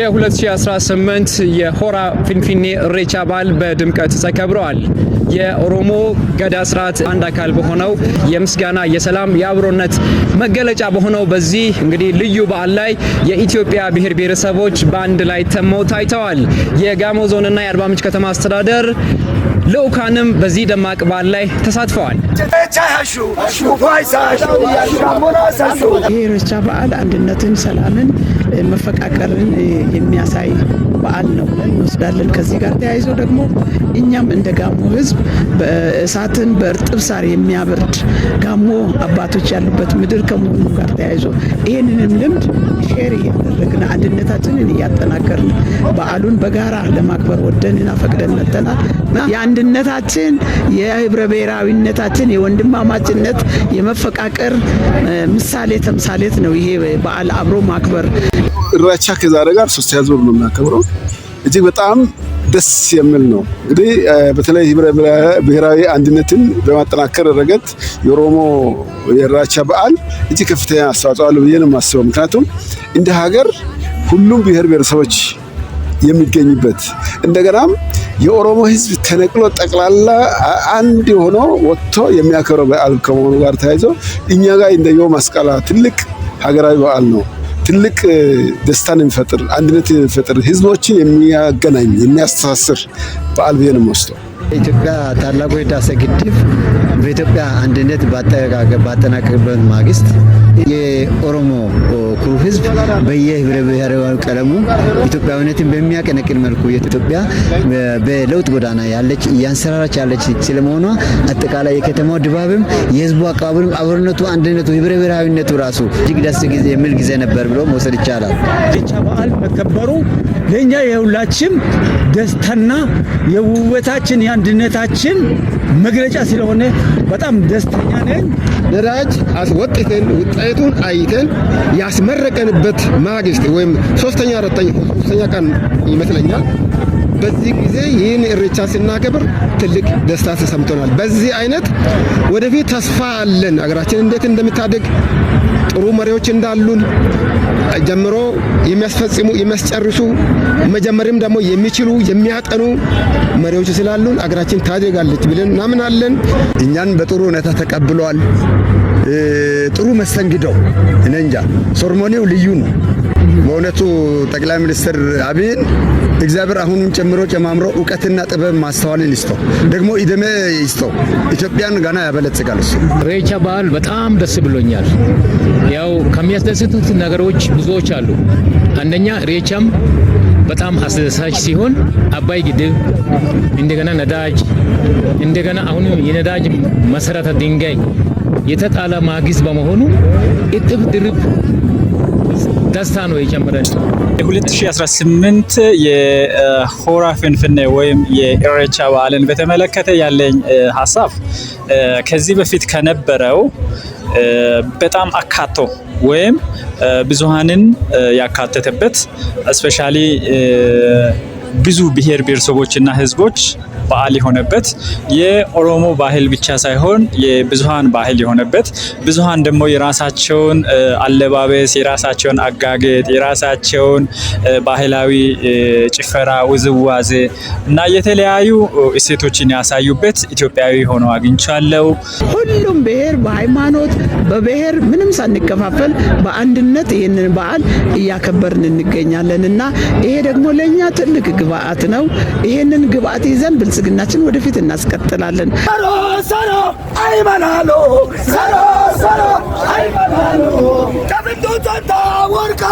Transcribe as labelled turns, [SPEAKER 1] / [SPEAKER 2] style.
[SPEAKER 1] የ2018 የሆራ ፊንፊኔ እሬቻ በዓል በድምቀት ተከብረዋል። የኦሮሞ ገዳ ስርዓት አንድ አካል በሆነው የምስጋና የሰላም የአብሮነት መገለጫ በሆነው በዚህ እንግዲህ ልዩ በዓል ላይ የኢትዮጵያ ብሔር ብሔረሰቦች በአንድ ላይ ተመው ታይተዋል። የጋሞ ዞንና የአርባ ምንጭ ከተማ አስተዳደር ልዑካንም በዚህ ደማቅ በዓል ላይ ተሳትፈዋል።
[SPEAKER 2] ይህ ሬቻ በዓል አንድነትን፣ ሰላምን መፈቃቀርን የሚያሳይ በዓል ነው ብለን እንወስዳለን። ከዚህ ጋር ተያይዞ ደግሞ እኛም እንደ ጋሞ ህዝብ እሳትን በእርጥብ ሳር የሚያበርድ ጋሞ አባቶች ያሉበት ምድር ከመሆኑ ጋር ተያይዞ ይህንንም ልምድ ሼር እያደረግን አንድነታችንን እያጠናከርን በዓሉን በጋራ ለማክበር ወደንና ፈቅደን መተናል። የአንድነታችን የህብረ ብሔራዊነታችን የወንድማማችነት የመፈቃቀር ምሳሌ ተምሳሌት ነው ይሄ በዓል አብሮ ማክበር
[SPEAKER 3] እራቻ ከዛሬ ጋር ሶስተኛ ዙር ነው የምናከብረው። እጅግ በጣም ደስ የሚል ነው። እንግዲህ በተለይ ህብረ ብሔራዊ አንድነትን በማጠናከር ረገድ የኦሮሞ የራቻ በዓል እጅግ ከፍተኛ አስተዋጽኦ አለው ብዬ ነው የማስበው። ምክንያቱም እንደ ሀገር ሁሉም ብሔር ብሔረሰቦች የሚገኝበት እንደገናም የኦሮሞ ህዝብ ተነቅሎ ጠቅላላ አንድ ሆኖ ወጥቶ የሚያከብረው በዓል ከመሆኑ ጋር ተያይዞ እኛ ጋር እንደየው ማስቀላ ትልቅ ሀገራዊ በዓል ነው። ትልቅ ደስታን የሚፈጥር አንድነት የሚፈጥር ህዝቦችን የሚያገናኝ የሚያስተሳስር በዓል ብዬ ነው የምወስደው።
[SPEAKER 4] ኢትዮጵያ ታላቁ ህዳሴ ግድብ በኢትዮጵያ አንድነት ባጠናቀቅበት ማግስት የኦሮሞ ኩሩ ህዝብ በየህብረ ብሔራዊ ቀለሙ ኢትዮጵያዊነትን በሚያቀነቅን መልኩ የኢትዮጵያ በለውጥ ጎዳና ያለች እያንሰራራች ያለች ስለመሆኗ አጠቃላይ የከተማው ድባብም የህዝቡ አቀባበልም አብሮነቱ፣ አንድነቱ፣ ህብረ ብሔራዊነቱ ራሱ እጅግ ደስ ጊዜ የሚል ጊዜ ነበር ብሎ መውሰድ ይቻላል።
[SPEAKER 5] ኢሬቻ በዓል መከበሩ ለእኛ የሁላችም ደስታና የውበታችን የአንድነታችን መግለጫ ስለሆነ በጣም ደስተኛ ነን።
[SPEAKER 6] ደራጅ አስወጥተን ውጤቱን አይተን ያስመረቀንበት ማግስት ወይም ሶስተኛ አራተኛ ሶስተኛ ቀን ይመስለኛል። በዚህ ጊዜ ይህን እሬቻ ስናከብር ትልቅ ደስታ ተሰምቶናል። በዚህ አይነት ወደፊት ተስፋ አለን አገራችን እንዴት እንደምታደግ። ጥሩ መሪዎች እንዳሉን ጀምሮ የሚያስፈጽሙ የሚያስጨርሱ መጀመሪያም ደግሞ የሚችሉ የሚያጠኑ መሪዎች ስላሉን አገራችን ታደጋለች ብለን እናምናለን።
[SPEAKER 7] እኛን በጥሩ ሁኔታ ተቀብለዋል። ጥሩ መስተንግዶ እኔ እንጃ ሶርሞኒው ልዩ ነው። በእውነቱ ጠቅላይ ሚኒስትር አብይን እግዚአብሔር አሁኑን ጨምሮ ጨማምሮ እውቀትና ጥበብ ማስተዋልን ይስጠው፣ ደግሞ ኢደሜ ይስጠው። ኢትዮጵያን ገና ያበለጽጋል።
[SPEAKER 8] ሬቻ በዓል በጣም ደስ ብሎኛል። ያው ከሚያስደስቱት ነገሮች ብዙዎች አሉ። አንደኛ ሬቻም በጣም አስደሳች ሲሆን አባይ ግድብ እንደገና ነዳጅ እንደገና አሁን የነዳጅ መሰረተ ድንጋይ የተጣለ ማግስት በመሆኑ እጥፍ ድርብ ደስታ ነው የጨመረን።
[SPEAKER 1] የ2018 የሆራ ፍንፍኔ ወይም የኢሬቻ በዓልን በተመለከተ ያለኝ ሀሳብ ከዚህ በፊት ከነበረው በጣም አካቶ ወይም ብዙሃንን ያካተተበት እስፔሻሊ ብዙ ብሔር ብሔረሰቦች እና ህዝቦች በዓል የሆነበት የኦሮሞ ባህል ብቻ ሳይሆን የብዙሃን ባህል የሆነበት ብዙሃን ደግሞ የራሳቸውን አለባበስ፣ የራሳቸውን አጋገጥ፣ የራሳቸውን ባህላዊ ጭፈራ፣ ውዝዋዜ እና የተለያዩ እሴቶችን ያሳዩበት ኢትዮጵያዊ ሆኖ አግኝቻለሁ።
[SPEAKER 9] ሁሉም ብሔር በሃይማኖት በብሔር ምንም ሳንከፋፈል በአንድነት ይህንን በዓል እያከበርን እንገኛለን እና ይሄ ደግሞ ለእኛ ትልቅ ግብአት ነው። ይህንን ግብአት ይዘን ብልጽግናችን ወደፊት እናስቀጥላለን። ሰሮ ሰሮ ሰሮ ሰሮ ጸንታ ወርቃ